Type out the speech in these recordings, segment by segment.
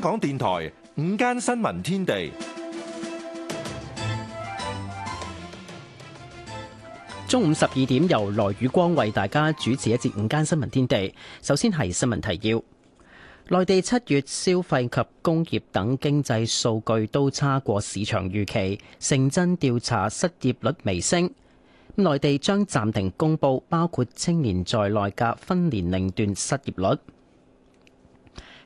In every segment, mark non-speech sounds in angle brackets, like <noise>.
香港電台午間新聞天地，中午十二點由羅宇光為大家主持一節午間新聞天地。首先係新聞提要：內地七月消費及工業等經濟數據都差過市場預期，城鎮調查失業率微升。內地將暫停公布包括青年在內嘅分年齡段失業率。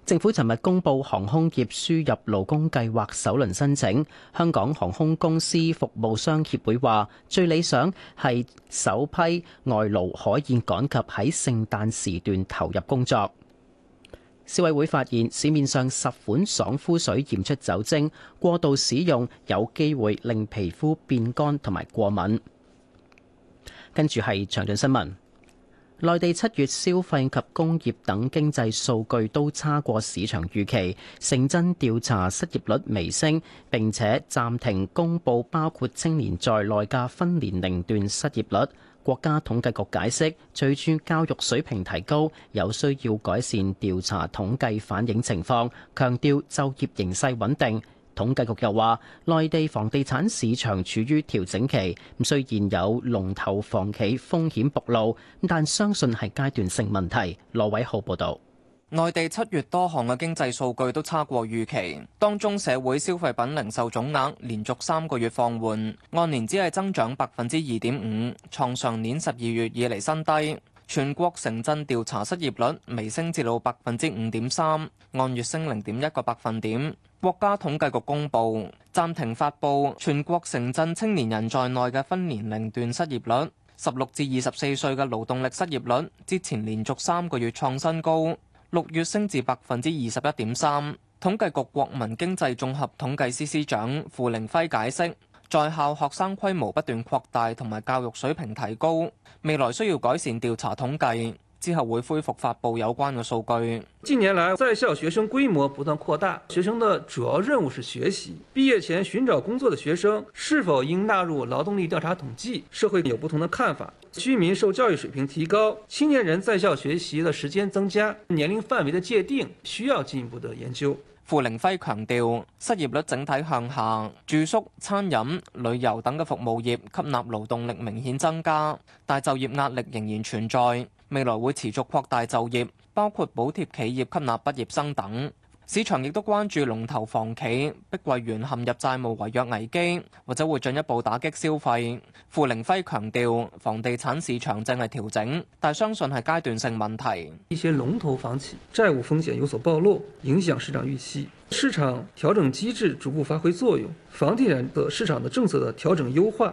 政府尋日公布航空業輸入勞工計劃首輪申請。香港航空公司服務商協會話，最理想係首批外勞可以趕及喺聖誕時段投入工作。消委會發現市面上十款爽膚水驗出酒精過度使用，有機會令皮膚變乾同埋過敏。跟住係詳盡新聞。內地七月消費及工業等經濟數據都差過市場預期，城鎮調查失業率微升，並且暫停公佈包括青年在內嘅分年齡段失業率。國家統計局解釋，隨住教育水平提高，有需要改善調查統計反映情況，強調就業形勢穩定。統計局又話，內地房地產市場處於調整期，雖然有龍頭房企風險暴露，但相信係階段性問題。羅偉浩報導，內地七月多項嘅經濟數據都差過預期，當中社會消費品零售總額連續三個月放緩，按年只係增長百分之二點五，創上年十二月以嚟新低。全國城鎮調查失業率微升至到百分之五點三，按月升零點一個百分點。國家統計局公布暫停發佈全國城鎮青年人在內嘅分年齡段失業率，十六至二十四歲嘅勞動力失業率，之前連續三個月創新高，六月升至百分之二十一點三。統計局國民經濟綜合統計司司長傅凌輝，輝解釋。在校學生規模不斷擴大，同埋教育水平提高，未來需要改善調查統計，之後會恢復發布有關嘅數據。近年來，在校學生規模不斷擴大，學生的主要任務是學習。畢業前尋找工作的學生是否應納入勞動力調查統計，社會有不同的看法。居民受教育水平提高，青年人在校學習的時間增加，年齡範圍的界定需要進一步的研究。付凌暉強調，失業率整體向下，住宿、餐飲、旅遊等嘅服務業吸納勞動力明顯增加，但就業壓力仍然存在。未來會持續擴大就業，包括補貼企業吸納畢業生等。市場亦都關注龍頭房企碧桂園陷入債務違約危機，或者會進一步打擊消費。付凌暉強調，房地產市場正係調整，但相信係階段性問題。一些龍頭房企債務風險有所暴露，影響市場預期。市場調整機制逐步發揮作用，房地產的市場的政策的調整優化。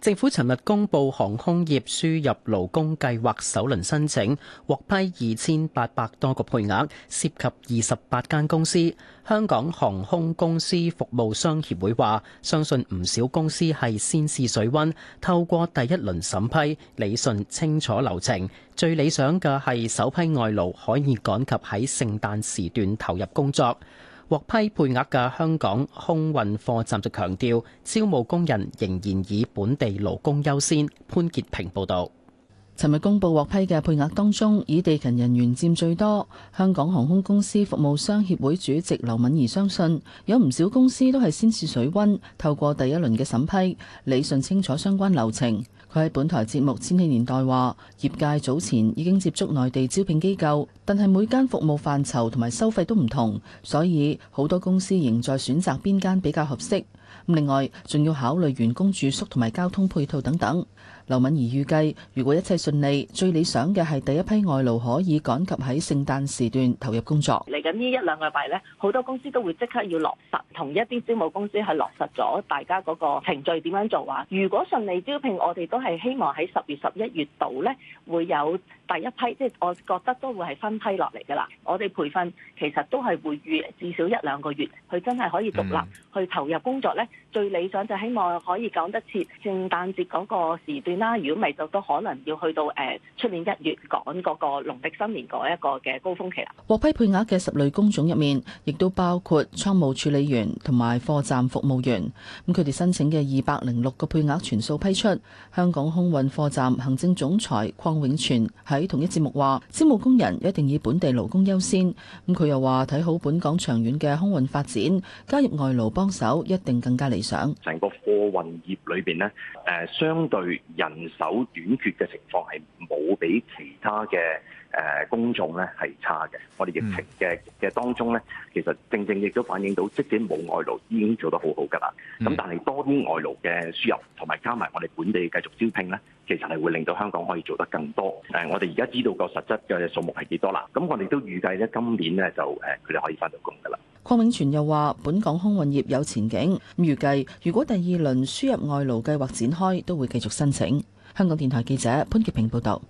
政府尋日公布航空業輸入勞工計劃首輪申請獲批二千八百多個配額涉及二十八間公司。香港航空公司服務商協會話相信唔少公司係先試水溫，透過第一輪審批理順清楚流程。最理想嘅係首批外勞可以趕及喺聖誕時段投入工作。獲批配額嘅香港空運貨站就強調，招募工人仍然以本地勞工優先。潘潔平報道。尋日公布獲批嘅配額當中，以地勤人員佔最多。香港航空公司服務商協會主席劉敏儀相信，有唔少公司都係先試水溫，透過第一輪嘅審批，理順清楚相關流程。佢喺本台節目《千禧年代》話，業界早前已經接觸內地招聘機構，但係每間服務範疇同埋收費都唔同，所以好多公司仍在選擇邊間比較合適。另外，仲要考慮員工住宿同埋交通配套等等。劉敏儀預計，如果一切順利，最理想嘅係第一批外勞可以趕及喺聖誕時段投入工作。嚟緊呢一兩個禮拜咧，好多公司都會即刻要落實，同一啲招募公司係落實咗大家嗰個程序點樣做啊！如果順利招聘，我哋都係希望喺十月十一月度咧會有第一批，即係我覺得都會係分批落嚟噶啦。我哋培訓其實都係會預至少一兩個月，佢真係可以獨立去投入工作咧。最理想就希望可以講得切，聖誕節嗰個時段。啦，如果未就都可能要去到誒出年一月趕嗰個農歴新年嗰一個嘅高峰期啦。獲批配額嘅十類工種入面，亦都包括倉務處理員同埋貨站服務員，咁佢哋申請嘅二百零六個配額全數批出。香港空運貨站行政總裁鄺永全喺同一節目話招募工人一定以本地勞工優先。咁佢又話睇好本港長遠嘅空運發展，加入外勞幫手一定更加理想。成個貨運業裏邊咧，誒、呃、相對人。人手短缺嘅情況，係冇俾其他嘅。誒、嗯、公眾咧係差嘅，我哋疫情嘅嘅當中咧，其實正正亦都反映到，即使冇外勞已經做得好好㗎啦。咁、嗯、但係多啲外勞嘅輸入，同埋加埋我哋本地繼續招聘咧，其實係會令到香港可以做得更多。誒，我哋而家知道個實質嘅數目係幾多啦？咁我哋都預計咧，今年呢就誒佢哋可以返到工㗎啦。鄺永全又話：本港空運業有前景，預計如果第二輪輸入外勞計劃展開，都會繼續申請。香港電台記者潘潔平報道。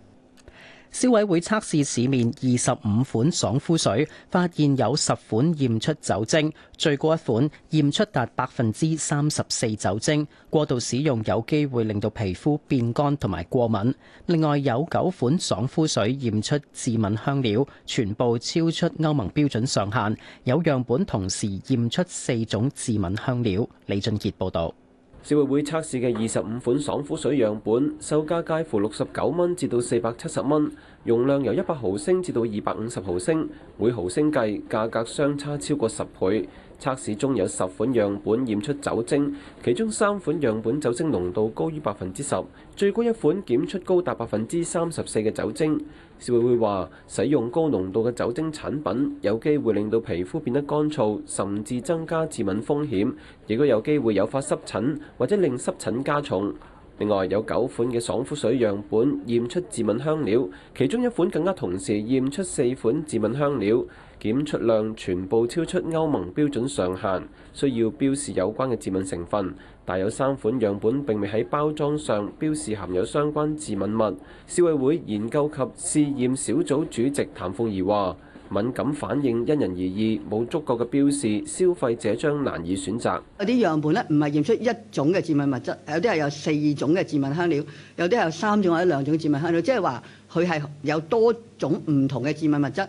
消委會測試市面二十五款爽膚水，發現有十款驗出酒精，最過一款驗出達百分之三十四酒精。過度使用有機會令到皮膚變乾同埋過敏。另外有九款爽膚水驗出致敏香料，全部超出歐盟標準上限。有樣本同時驗出四種致敏香料。李俊傑報導。消委會測試嘅二十五款爽膚水樣本，售價介乎六十九蚊至到四百七十蚊。容量由一百毫升至到二百五十毫升，每毫升計，價格相差超過十倍。測試中有十款樣本驗出酒精，其中三款樣本酒精濃度高於百分之十，最高一款檢出高達百分之三十四嘅酒精。消委會話，使用高濃度嘅酒精產品，有機會令到皮膚變得乾燥，甚至增加致敏風險，亦都有機會誘發濕疹或者令濕疹加重。另外有九款嘅爽膚水樣本驗出致敏香料，其中一款更加同時驗出四款致敏香料，檢出量全部超出歐盟標準上限，需要標示有關嘅致敏成分。但有三款樣本並未喺包裝上標示含有相關致敏物。消委會研究及試驗小組主席譚鳳儀話。敏感反應因人而異，冇足夠嘅標示，消費者將難以選擇。有啲樣本咧，唔係驗出一種嘅致敏物質，有啲係有四種嘅致敏香料，有啲係有三種或者兩種致敏香料，即係話佢係有多種唔同嘅致敏物質。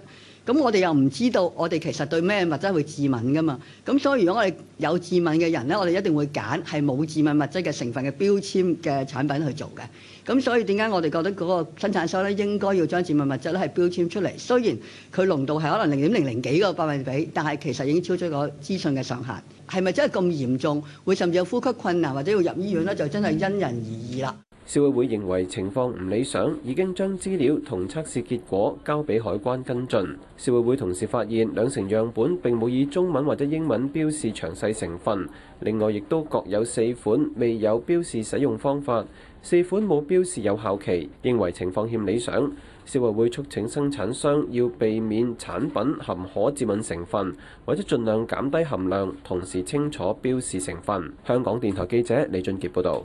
咁我哋又唔知道，我哋其實對咩物質會致敏㗎嘛？咁所以如果我哋有致敏嘅人呢，我哋一定會揀係冇致敏物質嘅成分嘅標籤嘅產品去做嘅。咁所以點解我哋覺得嗰個生產商呢應該要將致敏物質呢係標籤出嚟？雖然佢濃度係可能零點零零幾個百分比，但係其實已經超出咗資訊嘅上限。係咪真係咁嚴重？會甚至有呼吸困難或者要入醫院呢，就真係因人而異啦。消委會認為情況唔理想，已經將資料同測試結果交俾海關跟進。消委會同時發現兩成樣本並冇以中文或者英文標示詳細成分，另外亦都各有四款未有標示使用方法，四款冇標示有效期，認為情況欠理想。消委會促請生產商要避免產品含可致敏成分，或者盡量減低含量，同時清楚標示成分。香港電台記者李俊傑報道。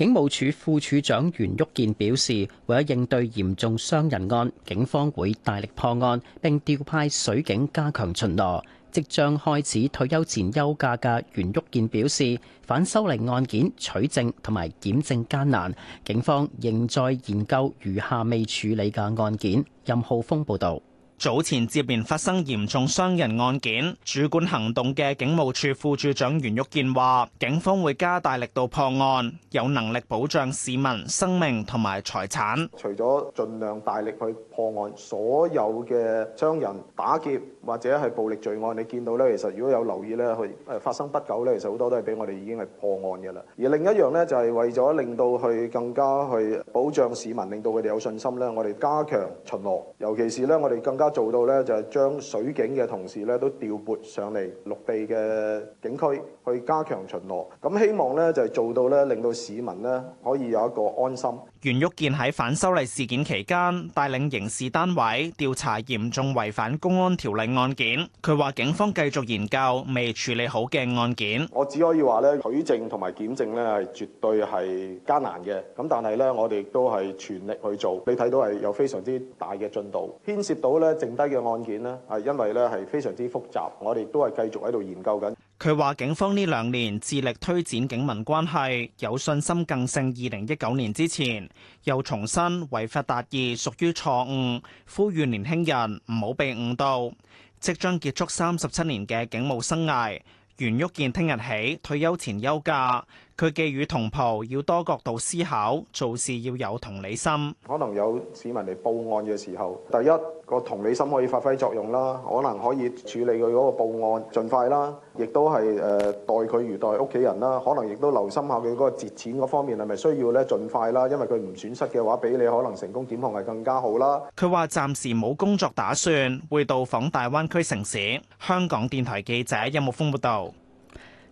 警務處副處長袁旭健表示，為咗應對嚴重傷人案，警方會大力破案，並調派水警加強巡邏。即將開始退休前休假嘅袁旭健表示，反修例案件取證同埋檢證艱難，警方仍在研究餘下未處理嘅案件。任浩峰報道。早前接連發生嚴重傷人案件，主管行動嘅警務處副處長袁玉健話，警方會加大力度破案，有能力保障市民生命同埋財產。除咗盡量大力去破案，所有嘅傷人、打劫或者係暴力罪案，你見到咧，其實如果有留意咧，去誒發生不久咧，其實好多都係俾我哋已經係破案嘅啦。而另一樣咧，就係為咗令到去更加去保障市民，令到佢哋有信心咧，我哋加強巡邏，尤其是咧，我哋更加。做到呢，就係將水警嘅同事呢都調撥上嚟陸地嘅警區去加強巡邏。咁、嗯、希望呢，就係做到呢，令到市民呢可以有一個安心。袁玉健喺反修例事件期間帶領刑事單位調查嚴重違反公安條例案件。佢話：警方繼續研究未處理好嘅案件。我只可以話咧，取證同埋檢證咧，係絕對係艱難嘅。咁但係咧，我哋都係全力去做。你睇到係有非常之大嘅進度。牽涉到咧剩低嘅案件呢，係因為咧係非常之複雜，我哋都係繼續喺度研究緊。佢話：警方呢兩年致力推展警民關係，有信心更勝二零一九年之前。又重申違法達義屬於錯誤，呼籲年輕人唔好被誤導。即將結束三十七年嘅警務生涯，袁旭健聽日起退休前休假。佢寄語同袍：要多角度思考，做事要有同理心。可能有市民嚟報案嘅時候，第一個同理心可以發揮作用啦。可能可以處理佢嗰個報案盡快啦。亦都係誒待佢如待屋企人啦。可能亦都留心下佢嗰個截錢嗰方面係咪需要咧盡快啦。因為佢唔損失嘅話，比你可能成功檢控係更加好啦。佢話暫時冇工作打算，會到訪大灣區城市。香港電台記者任木峯報道。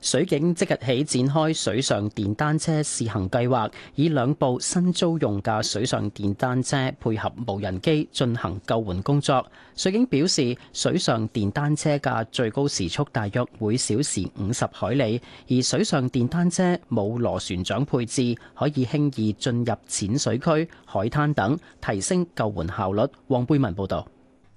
水警即日起展開水上電單車試行計劃，以兩部新租用嘅水上電單車配合無人機進行救援工作。水警表示，水上電單車嘅最高時速大約每小時五十海里，而水上電單車冇螺旋槳配置，可以輕易進入淺水區、海灘等，提升救援效率。黃貝文報道。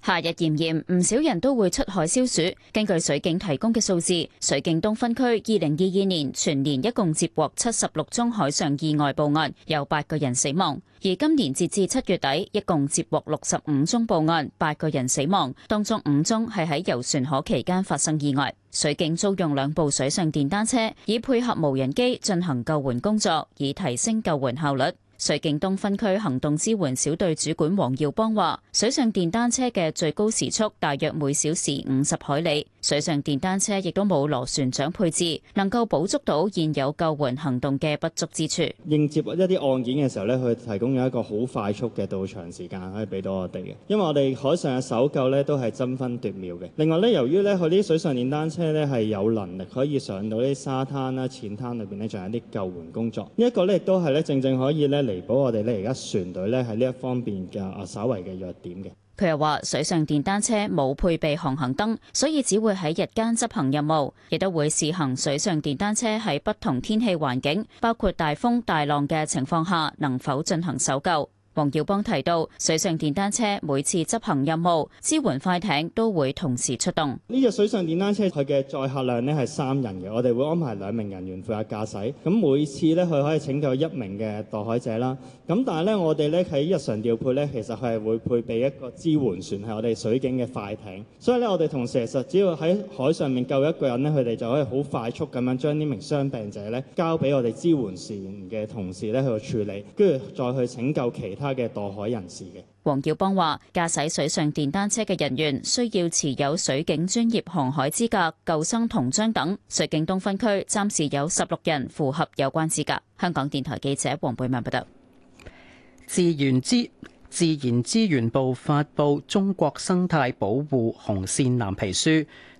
夏日炎炎，唔少人都會出海消暑。根據水警提供嘅數字，水警東分區二零二二年全年一共接獲七十六宗海上意外報案，有八個人死亡。而今年截至七月底，一共接獲六十五宗報案，八個人死亡，當中五宗係喺遊船河期間發生意外。水警租用兩部水上電單車，以配合無人機進行救援工作，以提升救援效率。瑞景東分區行動支援小隊主管黃耀邦話，水上電單車嘅最高時速大約每小時五十海里。水上電單車亦都冇螺旋槳配置，能夠補足到現有救援行動嘅不足之處。應接一啲案件嘅時候咧，佢提供有一個好快速嘅到場時間可以俾到我哋嘅。因為我哋海上嘅搜救咧都係爭分奪秒嘅。另外咧，由於咧佢呢啲水上電單車咧係有能力可以上到呢啲沙灘啦、淺灘裏邊咧，進行一啲救援工作。呢一個咧亦都係咧正正可以咧彌補我哋咧而家船隊咧喺呢一方面嘅啊稍微嘅弱點嘅。佢又話：水上電單車冇配備航行燈，所以只會喺日間執行任務，亦都會試行水上電單車喺不同天氣環境，包括大風大浪嘅情況下，能否進行搜救。黃耀邦提到，水上電單車每次執行任務支援快艇都會同時出動。呢隻水上電單車佢嘅載客量呢係三人嘅，我哋會安排兩名人員負責駕駛。咁每次呢，佢可以拯救一名嘅墮海者啦。咁但係呢，我哋咧喺日常調配呢，其實佢係會配備一個支援船係我哋水警嘅快艇。所以呢，我哋同時其實只要喺海上面救一個人呢，佢哋就可以好快速咁樣將呢名傷病者呢交俾我哋支援船嘅同事咧去處理，跟住再去拯救其他。嘅墮海人士嘅，黃耀邦話，駕駛水上電單車嘅人員需要持有水警專業航海資格、救生銅章等。水警東分區暫時有十六人符合有關資格。香港電台記者黃貝文報道。自源之。自然資源部發布《中國生態保護紅線藍皮書》，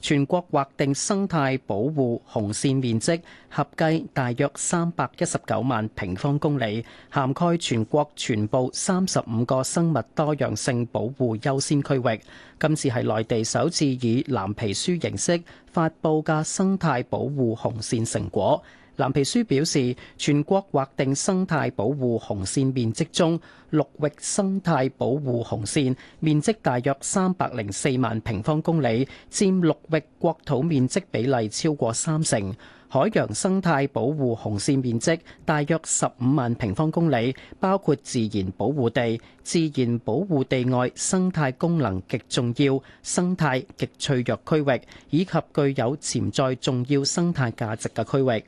全國劃定生態保護紅線面積合計大約三百一十九萬平方公里，涵蓋全國全部三十五個生物多樣性保護優先區域。今次係內地首次以藍皮書形式發布嘅生態保護紅線成果。藍皮書表示，全國劃定生態保護紅線面積中，陸域生態保護紅線面積大約三百零四萬平方公里，佔陸域國土面積比例超過三成。海洋生態保護紅線面積大約十五萬平方公里，包括自然保護地、自然保護地外生態功能極重要、生態極脆弱區域，以及具有潛在重要生態價值嘅區域。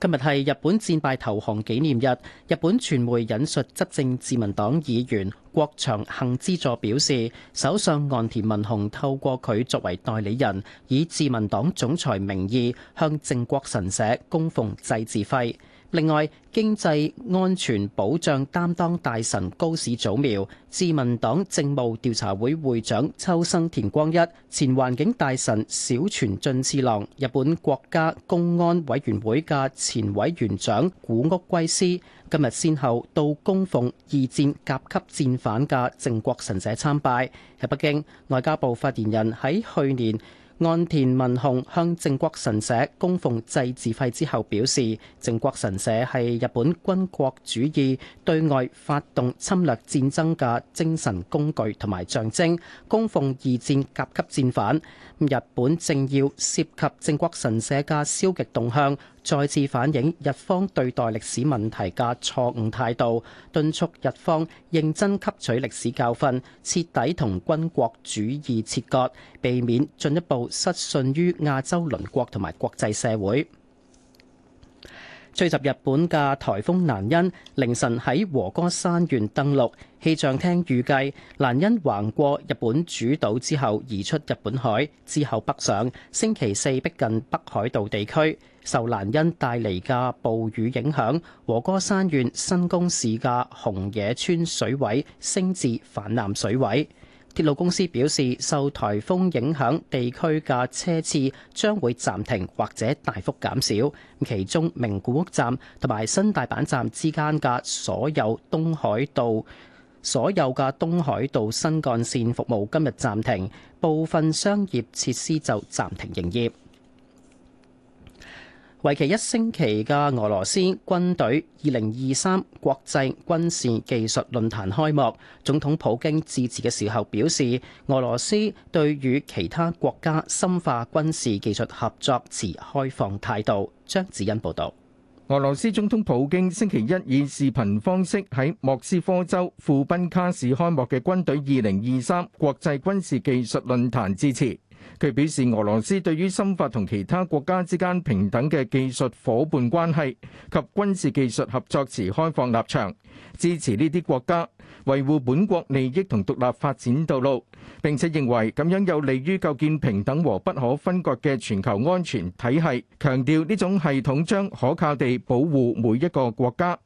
今日係日本戰敗投降紀念日。日本傳媒引述執政自民黨議員郭長幸之助表示，首相岸田文雄透過佢作為代理人，以自民黨總裁名義向靖國神社供奉祭祀費。另外，經濟安全保障擔當大臣高市早苗、自民黨政務調查會會長秋生田光一、前環境大臣小泉進次郎、日本國家公安委員會嘅前委員長古屋圭司，今日先後到供奉二戰甲級戰犯嘅靖國神社參拜。喺北京，外交部發言人喺去年。岸田文雄向靖國神社供奉祭祀費之後表示，靖國神社係日本軍國主義對外發動侵略戰爭嘅精神工具同埋象徵，供奉二戰甲級戰犯。日本政要涉及靖國神社嘅消極動向，再次反映日方對待歷史問題嘅錯誤態度，敦促日方認真吸取歷史教訓，徹底同軍國主義切割，避免進一步失信於亞洲鄰國同埋國際社會。吹襲日本嘅台風蘭恩，凌晨喺和歌山縣登陸。氣象廳預計，蘭恩橫過日本主島之後，移出日本海，之後北上，星期四逼近北海道地區。受蘭恩帶嚟嘅暴雨影響，和歌山縣新宮市嘅熊野川水位升至泛濫水位。鐵路公司表示，受颱風影響，地區嘅車次將會暫停或者大幅減少。其中名古屋站同埋新大阪站之間嘅所有東海道所有嘅東海道新幹線服務今日暫停，部分商業設施就暫停營業。為期一星期嘅俄羅斯軍隊二零二三國際軍事技術論壇開幕，總統普京致辭嘅時候表示，俄羅斯對與其他國家深化軍事技術合作持開放態度。張子欣報道。俄羅斯總統普京星期一以視頻方式喺莫斯科州庫賓卡市開幕嘅軍隊二零二三國際軍事技術論壇致辭。佢表示，俄羅斯對於深化同其他國家之間平等嘅技術夥伴關係及軍事技術合作持開放立場，支持呢啲國家維護本國利益同獨立發展道路，並且認為咁樣有利於構建平等和不可分割嘅全球安全體系，強調呢種系統將可靠地保護每一個國家。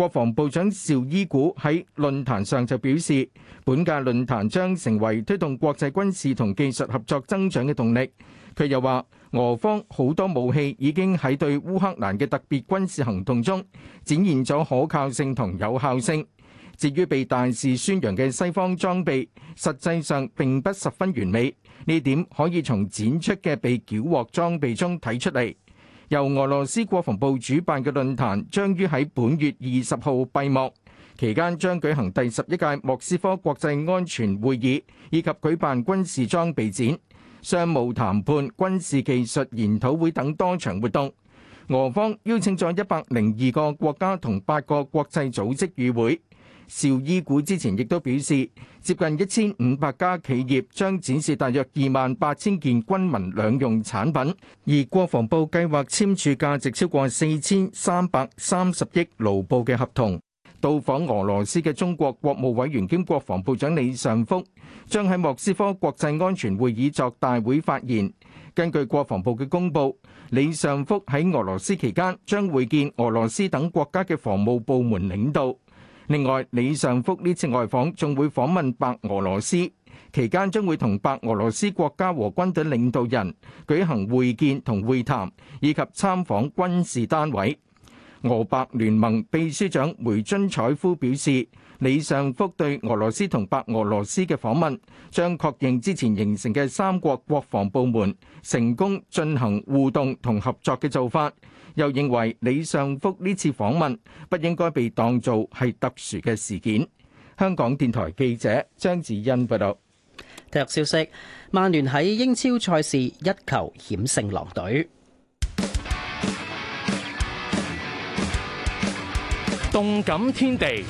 國防部長邵伊古喺論壇上就表示，本屆論壇將成為推動國際軍事同技術合作增長嘅動力。佢又話，俄方好多武器已經喺對烏克蘭嘅特別軍事行動中展現咗可靠性同有效性。至於被大肆宣揚嘅西方裝備，實際上並不十分完美，呢點可以從展出嘅被繳獲裝備中睇出嚟。由俄羅斯國防部主辦嘅論壇將於喺本月二十號閉幕，期間將舉行第十一屆莫斯科國際安全會議，以及舉辦軍事裝備展、商務談判、軍事技術研討會等多場活動。俄方邀請咗一百零二個國家同八個國際組織與會。邵伊古之前亦都表示，接近一千五百家企業將展示大約二萬八千件軍民兩用產品，而國防部計劃簽署價值超過四千三百三十億盧布嘅合同。到訪俄羅斯嘅中國國務委員兼國防部長李尚福將喺莫斯科國際安全會議作大會發言。根據國防部嘅公布，李尚福喺俄羅斯期間將會見俄羅斯等國家嘅防務部門領導。另外，李尚福呢次外訪仲會訪問白俄羅斯，期間將會同白俄羅斯國家和軍隊領導人舉行會見同會談以及參訪軍事單位。俄白聯盟秘書長梅津采夫表示，李尚福對俄羅斯同白俄羅斯嘅訪問將確認之前形成嘅三國國防部門成功進行互動同合作嘅做法。又認為李尚福呢次訪問不應該被當做係特殊嘅事件。香港電台記者張子欣報導。體育消息，曼聯喺英超賽事一球險勝狼隊。動感天地。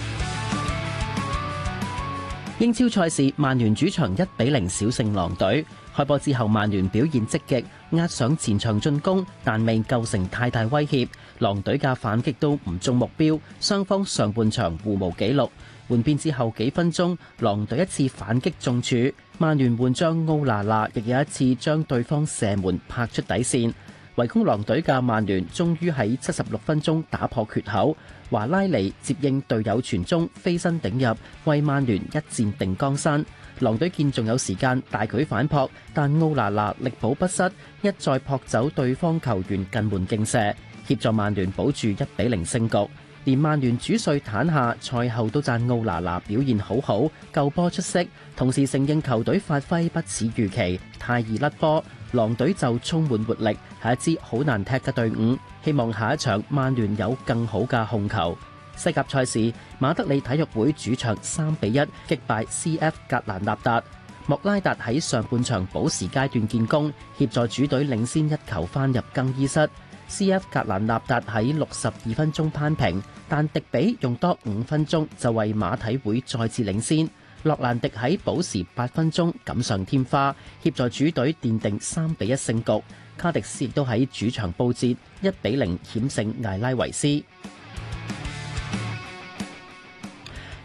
英超賽事，曼聯主場一比零小勝狼隊。開波之後，曼聯表現積極壓上前場進攻，但未構成太大威脅，狼隊嘅反擊都唔中目標，雙方上半場互無紀錄。換邊之後幾分鐘，狼隊一次反擊中柱，曼聯換將奧拿拿亦有一次將對方射門拍出底線。圍攻狼隊嘅曼聯終於喺七十六分鐘打破缺口，華拉尼接應隊友傳中飛身頂入，為曼聯一戰定江山。狼隊見仲有時間大舉反撲，但奧拿拿力保不失，一再撲走對方球員近門勁射，協助曼聯保住1比0勝局。連曼聯主帥坦下，賽後都讚奧拿拿表現好好，救波出色，同時承認球隊發揮不似預期，太易甩波。狼隊就充滿活力，係一支好難踢嘅隊伍。希望下一場曼聯有更好嘅控球。西甲賽事，馬德里體育會主場3比1擊敗 CF 格蘭納達。莫拉達喺上半場補時階段建功，協助主隊領先一球翻入更衣室。CF 格蘭納達喺六十二分鐘扳平，但迪比用多五分鐘就為馬體會再次領先。洛蘭迪喺補時八分鐘錦上添花，協助主隊奠定三比一勝局。卡迪斯亦都喺主場報捷，一比零險勝艾拉維斯。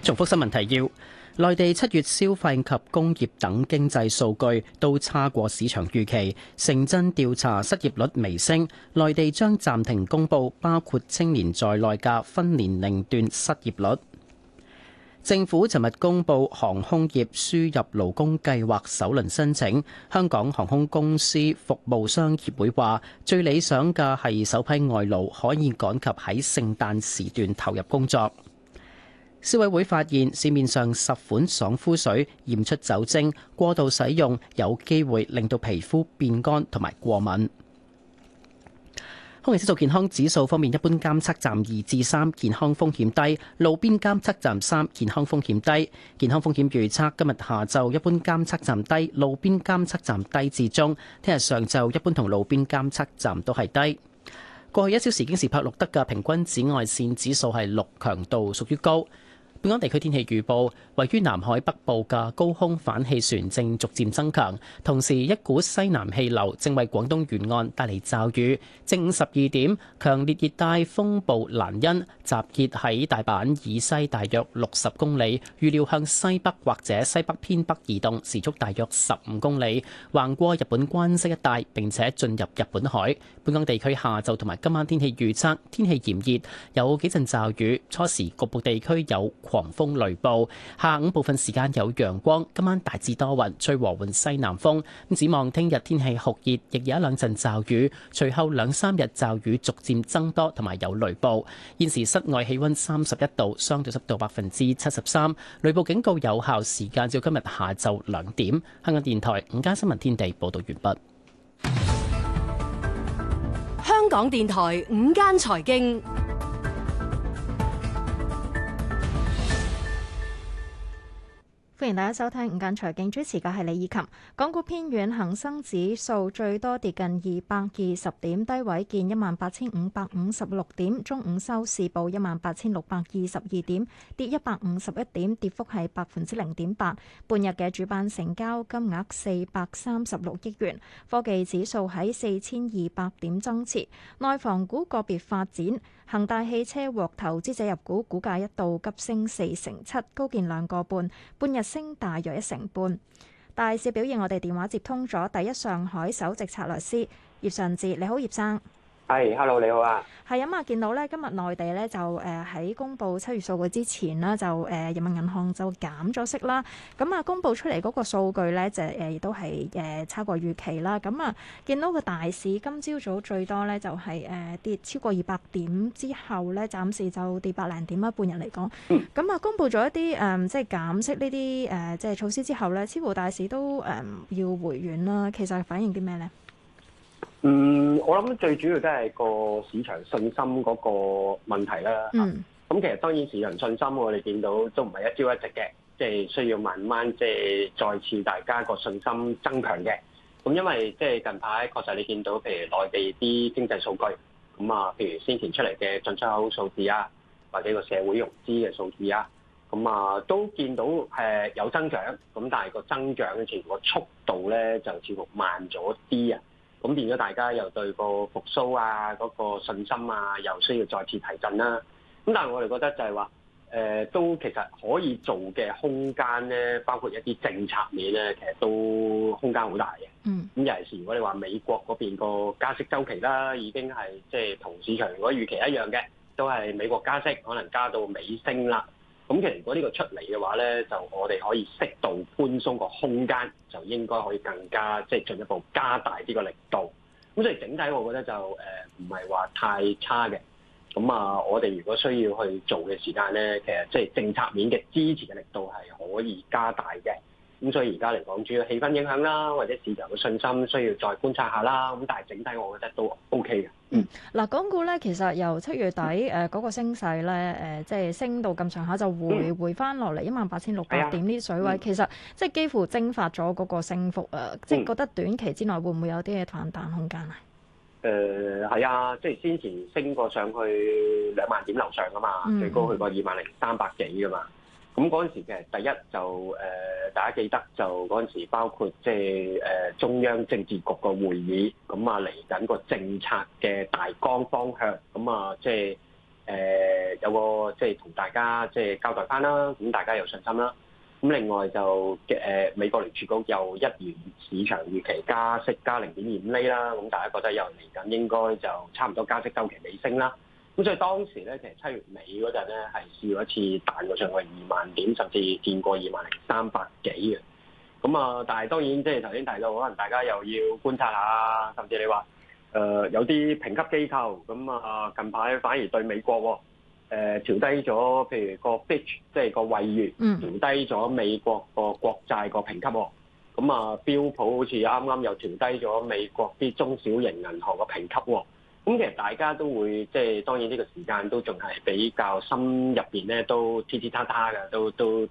重複新聞提要：內地七月消費及工業等經濟數據都差過市場預期，城鎮調查失業率微升。內地將暫停公佈包括青年在內嘅分年齡段失業率。政府尋日公佈航空業輸入勞工計劃首輪申請，香港航空公司服務商協會話，最理想嘅係首批外勞可以趕及喺聖誕時段投入工作。消委會發現市面上十款爽膚水驗出酒精過度使用，有機會令到皮膚變乾同埋過敏。空氣質素健康指數方面，一般監測站二至三，健康風險低；路邊監測站三，健康風險低。健康風險預測今日下晝一般監測站低，路邊監測站低至中。聽日上晝一般同路邊監測站都係低。過去一小時京士柏錄得嘅平均紫外線指數係六，強度屬於高。本港地區天氣預報：位於南海北部嘅高空反氣旋正逐漸增強，同時一股西南氣流正為廣東沿岸帶嚟驟雨。正午十二點，強烈熱帶風暴蘭恩集結喺大阪以西大約六十公里，預料向西北或者西北偏北移動，時速大約十五公里，橫過日本關西一帶，並且進入日本海。本港地區下晝同埋今晚天氣預測：天氣炎熱，有幾陣驟雨，初時局部地區有。狂風雷暴，下午部分時間有陽光，今晚大致多雲，吹和緩西南風。咁展望聽日天氣酷熱，亦有一兩陣驟雨，隨後兩三日驟雨逐漸增多，同埋有雷暴。現時室外氣温三十一度，相對濕度百分之七十三，雷暴警告有效時間至今日下晝兩點。香港電台午間新聞天地報道完畢。香港電台午間財經。歡迎大家收聽午間財經，主持嘅係李以琴。港股偏軟，恒生指數最多跌近二百二十點，低位見一萬八千五百五十六點，中午收市報一萬八千六百二十二點，跌一百五十一點，跌幅係百分之零點八。半日嘅主板成交金額四百三十六億元，科技指數喺四千二百點增持。內房股個別發展，恒大汽車獲投資者入股，股價一度急升四成七，高見兩個半。半日。升大約一成半，大市表現。我哋電話接通咗第一上海首席策略師葉尚志，你好，葉生。係、hey，hello，你好啊。係啊，嘛、嗯，見到咧，今日內地咧就誒喺、呃、公布七月數據之前啦，就誒、呃、人民銀行就減咗息啦。咁、嗯、啊，公布出嚟嗰個數據咧，就誒亦、呃、都係誒、呃、超過預期啦。咁啊，見到個大市今朝早最多咧就係、是、誒、呃、跌超過二百點之後咧，暫時就跌百零點啦、啊。半日嚟講，咁啊、嗯嗯，公布咗一啲誒、呃、即係減息呢啲誒即係措施之後咧，似乎大市都誒、呃、要回軟啦。其實反映啲咩咧？嗯，我諗最主要都係個市場信心嗰個問題啦。嗯，咁其實當然市場信心我哋見到都唔係一朝一夕嘅，即係需要慢慢即係再次大家個信心增強嘅。咁因為即係近排確實你見到，譬如內地啲經濟數據，咁啊，譬如先前出嚟嘅進出口數字啊，或者個社會融資嘅數字啊，咁啊都見到誒有增長，咁但係個增長嘅全部速度咧就似乎慢咗啲啊。咁變咗大家又對個復甦啊，嗰個信心啊，又需要再次提振啦。咁但係我哋覺得就係話，誒都其實可以做嘅空間咧，包括一啲政策面咧，其實都空間好大嘅。嗯。咁尤其是，如果你話美國嗰邊個加息周期啦，已經係即係同市場如果預期一樣嘅，都係美國加息，可能加到尾聲啦。咁其實，如果呢個出嚟嘅話，咧，就我哋可以適度寬鬆個空間，就應該可以更加即係進一步加大呢個力度。咁所以整體我覺得就誒唔係話太差嘅。咁啊，我哋如果需要去做嘅時間咧，其實即係政策面嘅支持嘅力度係可以加大嘅。咁、嗯、所以而家嚟講，主要氣氛影響啦，或者市場嘅信心需要再觀察下啦。咁但係整體我覺得都 O K 嘅。嗯，嗱、嗯，港股咧其實由七月底誒嗰、嗯呃嗰個升勢咧誒、呃，即係升到咁上下就回回翻落嚟一萬八千六百點啲水位，嗯嗯、其實即係幾乎蒸發咗嗰個升幅誒，呃嗯、即係覺得短期之內會唔會有啲嘅反彈空間啊？誒係啊，即係先前升過上去兩萬點樓上啊嘛，最高去過二萬零三百幾啊嘛。咁嗰陣時嘅第一就誒、呃，大家記得就嗰陣時包括即係誒、呃、中央政治局個會議，咁啊嚟緊個政策嘅大綱方向，咁、嗯、啊即係誒、呃、有個即係同大家即係交代返啦，咁大家有信心啦。咁、嗯、另外就誒、呃、美國聯儲局又一元市場預期加息加零點二五厘啦，咁、嗯、大家覺得又嚟緊應該就差唔多加息週期尾聲啦。咁所以當時咧，其實七月尾嗰陣咧，係試過一次彈過上去二萬點，甚至見過二萬零三百幾嘅。咁啊，但係當然即係頭先提到，可能大家又要觀察下，甚至你話誒、呃、有啲評級機構咁啊、呃，近排反而對美國誒調、呃、低咗，譬如個 Fitch 即係個惠譽調低咗美國個國債個評級。咁、呃、啊，標普好似啱啱又調低咗美國啲中小型銀行個評級。呃咁其實大家都會即係當然呢個時間都仲係比較深入邊咧，都跌跌塌塌嘅，都都誒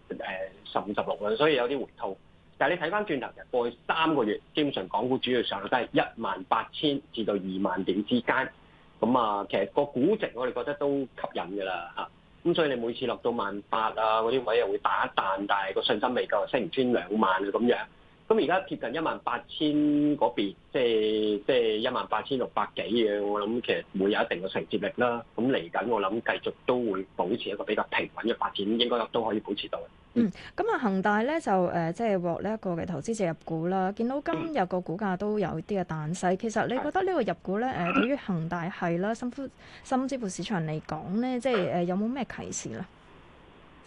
十五十六啦，所以有啲回吐。但係你睇翻轉頭其實過去三個月，基本上港股主要上落都係一萬八千至到二萬點之間。咁啊，其實個估值我哋覺得都吸引㗎啦嚇。咁、啊、所以你每次落到萬八啊嗰啲位又會打彈，但係個信心未夠，升唔穿兩萬咁樣。咁而家接近一萬八千嗰邊，即係即係一萬八千六百幾嘅，我諗其實會有一定嘅承接力啦。咁嚟緊，我諗繼續都會保持一個比較平穩嘅發展，應該都可以保持到嘅。嗯，咁啊，恒大咧就誒、呃、即係獲呢一個嘅投資者入股啦。見到今日個股價都有啲嘅彈勢，其實你覺得呢個入股咧誒，對的於恒大係啦， <coughs> 甚至乎市場嚟講咧，即係誒、呃、有冇咩啟示啦？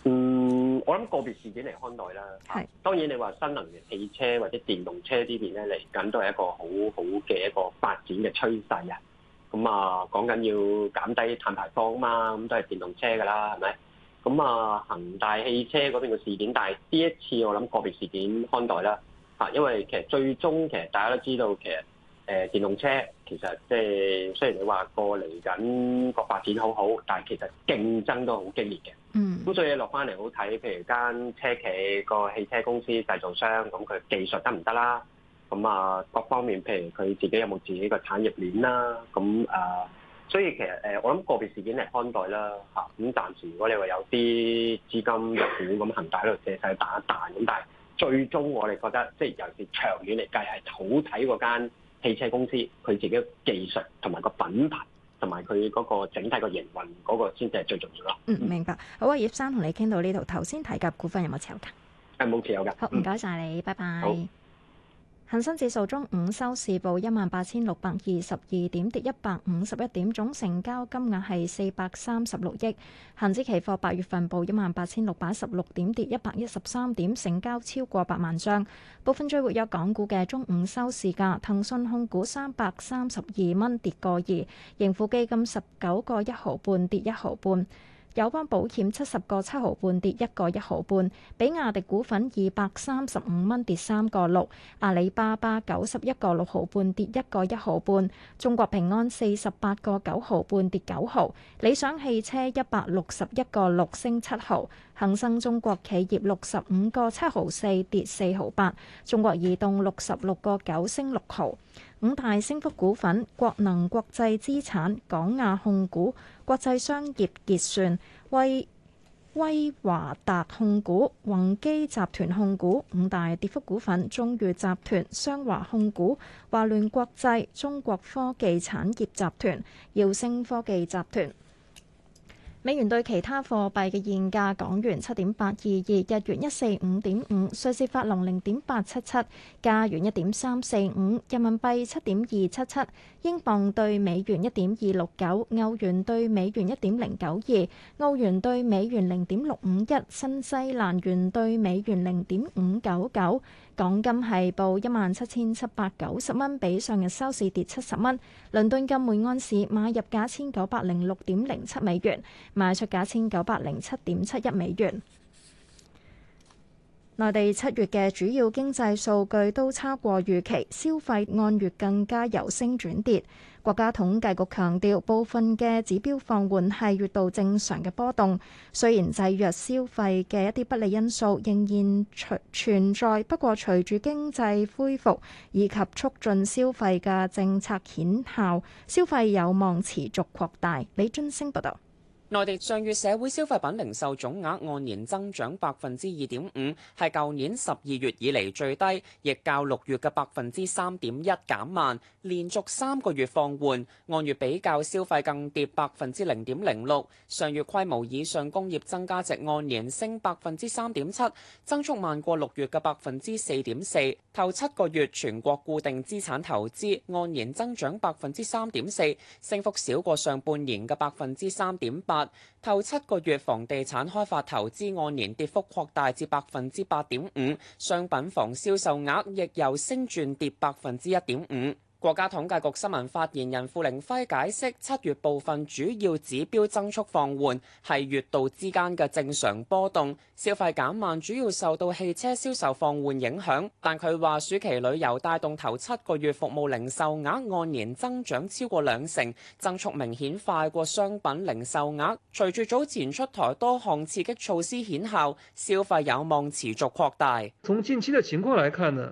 嗯，我諗個別事件嚟看待啦。係是，當然你話新能源汽車或者電動車邊呢邊咧嚟緊都係一個好好嘅一個發展嘅趨勢啊。咁、嗯、啊，講緊要減低碳排放嘛，咁、嗯、都係電動車㗎喇，係咪？咁、嗯、啊，恒大汽車嗰邊嘅事件，但係呢一次我諗個別事件看待啦。啊，因為其實最終其實大家都知道，其實。誒電動車其實即係雖然你話過嚟緊個發展好好，但係其實競爭都好激烈嘅。嗯，咁所以落翻嚟好睇，譬如間車企個汽車公司製造商，咁佢技術得唔得啦？咁啊，各方面譬如佢自己有冇自己個產業鏈啦？咁啊、呃，所以其實誒、呃，我諗個別事件嚟看待啦。嚇、啊，咁暫時如果你話有啲資金入股，咁恒大嗰度借勢彈一彈。咁但係最終我哋覺得即係尤其是長遠嚟計係好睇嗰間。汽車公司佢自己嘅技術同埋個品牌同埋佢嗰個整體個營運嗰個先至係最重要咯。嗯，明白。好，啊，葉生同你傾到呢度，頭先提及股份有冇持有㗎？誒、嗯，冇持有㗎。好，唔該晒你，嗯、拜拜。恒生指數中午收市報一萬八千六百二十二點，跌一百五十一點，總成交金額係四百三十六億。恒指期貨八月份報一萬八千六百十六點，跌一百一十三點，成交超過百萬張。部分追活躍港股嘅中午收市價，騰訊控股三百三十二蚊，跌個二；盈富基金十九個一毫半，跌一毫半。友邦保險七十個七毫半跌一個一毫半，比亞迪股份二百三十五蚊跌三個六，阿里巴巴九十一個六毫半跌一個一毫半，中國平安四十八個九毫半跌九毫，理想汽車一百六十一個六升七毫，恒生中國企業六十五個七毫四跌四毫八，中國移動六十六個九升六毫，五大升幅股份：國能國際資產、港亞控股。國際商業結算、威威華達控股、宏基集團控股。五大跌幅股份：中裕集團、雙華控股、華聯國際、中國科技產業集團、耀星科技集團。美元兌其他貨幣嘅現價：港元七點八二二，日元一四五點五，瑞士法郎零點八七七，加元一點三四五，人民幣七點二七七，英鎊對美元一點二六九，歐元對美元一點零九二，澳元對美元零點六五一，新西蘭元對美元零點五九九。港金係報一萬七千七百九十蚊，比上日收市跌七十蚊。倫敦金每安士買入價千九百零六點零七美元，賣出價千九百零七點七一美元。內地七月嘅主要經濟數據都差過預期，消費按月更加由升轉跌。國家統計局強調，部分嘅指標放緩係月度正常嘅波動。雖然制約消費嘅一啲不利因素仍然存在，不過隨住經濟恢復以及促進消費嘅政策顯效，消費有望持續擴大。李俊星報道。內地上月社會消費品零售總額按年增長百分之二點五，係舊年十二月以嚟最低，亦較六月嘅百分之三點一減慢，連續三個月放緩。按月比較，消費更跌百分之零點零六。上月規模以上工業增加值按年升百分之三點七，增速慢過六月嘅百分之四點四。頭七個月全國固定資產投資按年增長百分之三點四，升幅少過上半年嘅百分之三點八。頭七個月，房地產開發投資按年跌幅擴大至百分之八點五，商品房銷售額亦由升轉跌百分之一點五。國家統計局新聞發言人傅玲輝解釋，七月部分主要指標增速放緩係月度之間嘅正常波動。消費減慢主要受到汽車銷售放緩影響，但佢話暑期旅遊帶動頭七個月服務零售額按年增長超過兩成，增速明顯快過商品零售額。隨住早前出台多項刺激措施顯效，消費有望持續擴大。從近期嘅情況來看呢？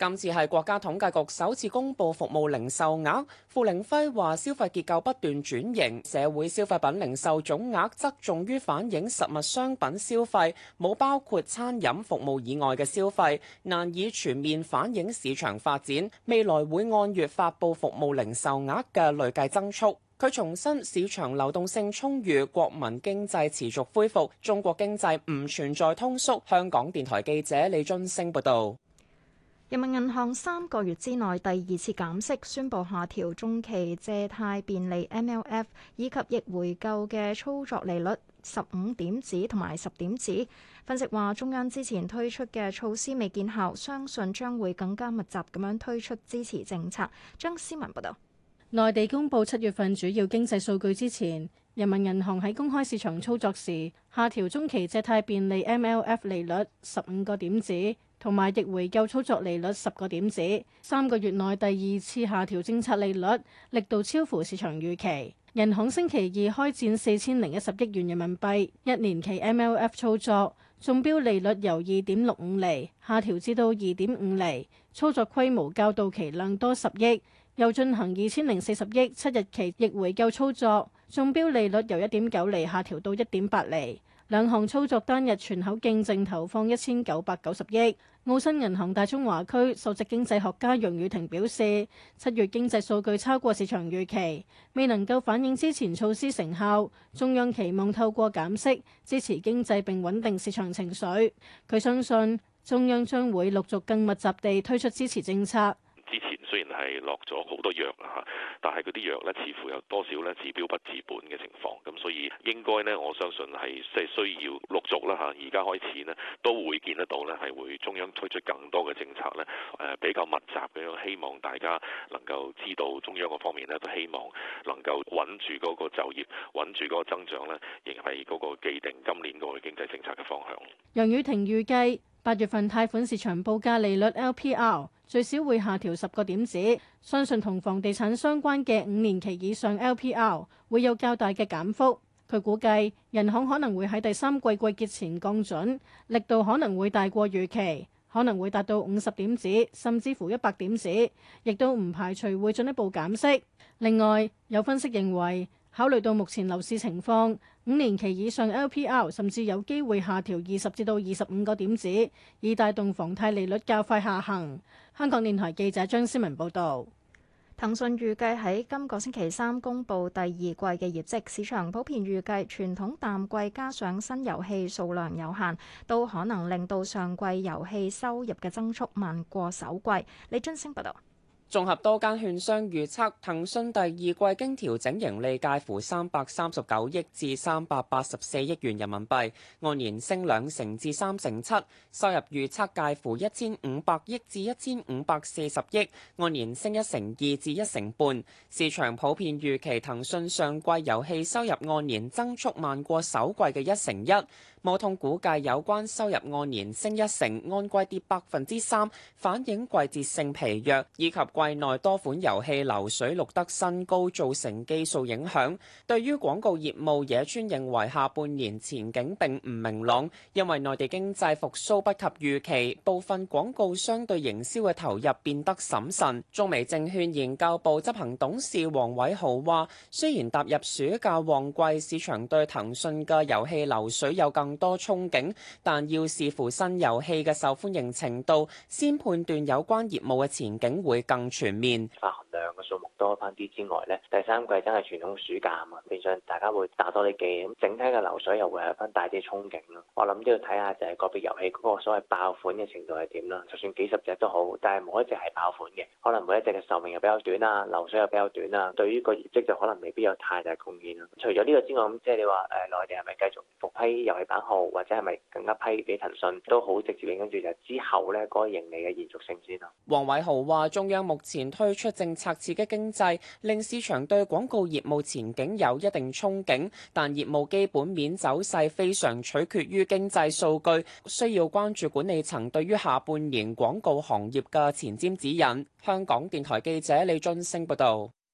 今次係國家統計局首次公布服務零售額，付凌輝話消費結構不斷轉型，社會消費品零售總額側重於反映實物商品消費，冇包括餐飲服務以外嘅消費，難以全面反映市場發展。未來會按月發布服務零售額嘅累計增速。佢重申市場流動性充裕，國民經濟持續恢復，中國經濟唔存在通縮。香港電台記者李津升報道。人民銀行三個月之內第二次減息，宣布下調中期借貸便利 （MLF） 以及逆回購嘅操作利率十五點子同埋十點子。分析話，中央之前推出嘅措施未見效，相信將會更加密集咁樣推出支持政策。張思文報道，內地公布七月份主要經濟數據之前，人民銀行喺公開市場操作時下調中期借貸便利 （MLF） 利率十五個點子。同埋逆回購操作利率十個點子，三個月內第二次下調政策利率，力度超乎市場預期。人行星期二開展四千零一十億元人民幣一年期 MLF 操作，中標利率由二點六五厘下調至到二點五厘，操作規模較到期量多十億。又進行二千零四十億七日期逆回購操作，中標利率由一點九厘下調到一點八厘。兩項操作單日全口徑淨投放一千九百九十億。澳新銀行大中華區首席經濟學家楊宇婷表示，七月經濟數據超過市場預期，未能夠反映之前措施成效。中央期望透過減息支持經濟並穩定市場情緒。佢相信中央將會陸續更密集地推出支持政策。係落咗好多藥啦，但係嗰啲藥呢，似乎有多少呢，治標不治本嘅情況，咁所以應該呢，我相信係需要陸續啦嚇，而家開始呢，都會見得到呢係會中央推出更多嘅政策呢，誒比較密集咁樣，希望大家能夠知道中央嗰方面呢，都希望能夠穩住嗰個就業，穩住嗰個增長呢，仍係嗰個既定今年嗰個經濟政策嘅方向。楊雨婷預計。八月份貸款市場報價利率 LPR 最少會下調十個點子，相信同房地產相關嘅五年期以上 LPR 會有較大嘅減幅。佢估計人行可能會喺第三季季結前降準，力度可能會大過預期，可能會達到五十點子，甚至乎一百點子，亦都唔排除會進一步減息。另外，有分析認為，考慮到目前樓市情況，五年期以上 LPR 甚至有機會下調二十至到二十五個點子，以帶動房貸利率較快下行。香港電台記者張思文報導。騰訊預計喺今個星期三公布第二季嘅業績，市場普遍預計傳統淡季加上新遊戲數量有限，都可能令到上季遊戲收入嘅增速慢過首季。李津星報道。綜合多間券商預測，騰訊第二季經調整盈利介乎三百三十九億至三百八十四億元人民幣，按年升兩成至三成七；收入預測介乎一千五百億至一千五百四十億，按年升一成二至一成半。市場普遍預期騰訊上季遊戲收入按年增速慢過首季嘅一成一。摩通估計有關收入按年升一成，按季跌百分之三，反映季節性疲弱，以及季內多款遊戲流水錄得新高造成基數影響。對於廣告業務，野村認為下半年前景並唔明朗，因為內地經濟復甦不及預期，部分廣告商對營銷嘅投入變得審慎。中微證券研究部執行董事王偉豪話，雖然踏入暑假旺季，市場對騰訊嘅遊戲流水有更更多憧憬，但要視乎新遊戲嘅受歡迎程度，先判斷有關業務嘅前景會更全面。發行量嘅數目多翻啲之外咧，第三季真係傳統暑假啊嘛，變相大家會打多啲機，咁整體嘅流水又會有一翻大啲憧憬咯。我諗都要睇下就係個別遊戲嗰個所謂爆款嘅程度係點啦。就算幾十隻都好，但係冇一隻係爆款嘅，可能每一隻嘅壽命又比較短啊，流水又比較短啊，對於個業績就可能未必有太大貢獻咯。除咗呢個之外，咁即係你話誒內地係咪繼續復批遊戲包？號或者係咪更加批俾騰訊都好直接，影跟住就之後呢個盈利嘅延續性先咯。黃偉豪話，中央目前推出政策刺激經濟，令市場對廣告業務前景有一定憧憬，但業務基本面走勢非常取決於經濟數據，需要關注管理層對於下半年廣告行業嘅前瞻指引。香港電台記者李俊升報道。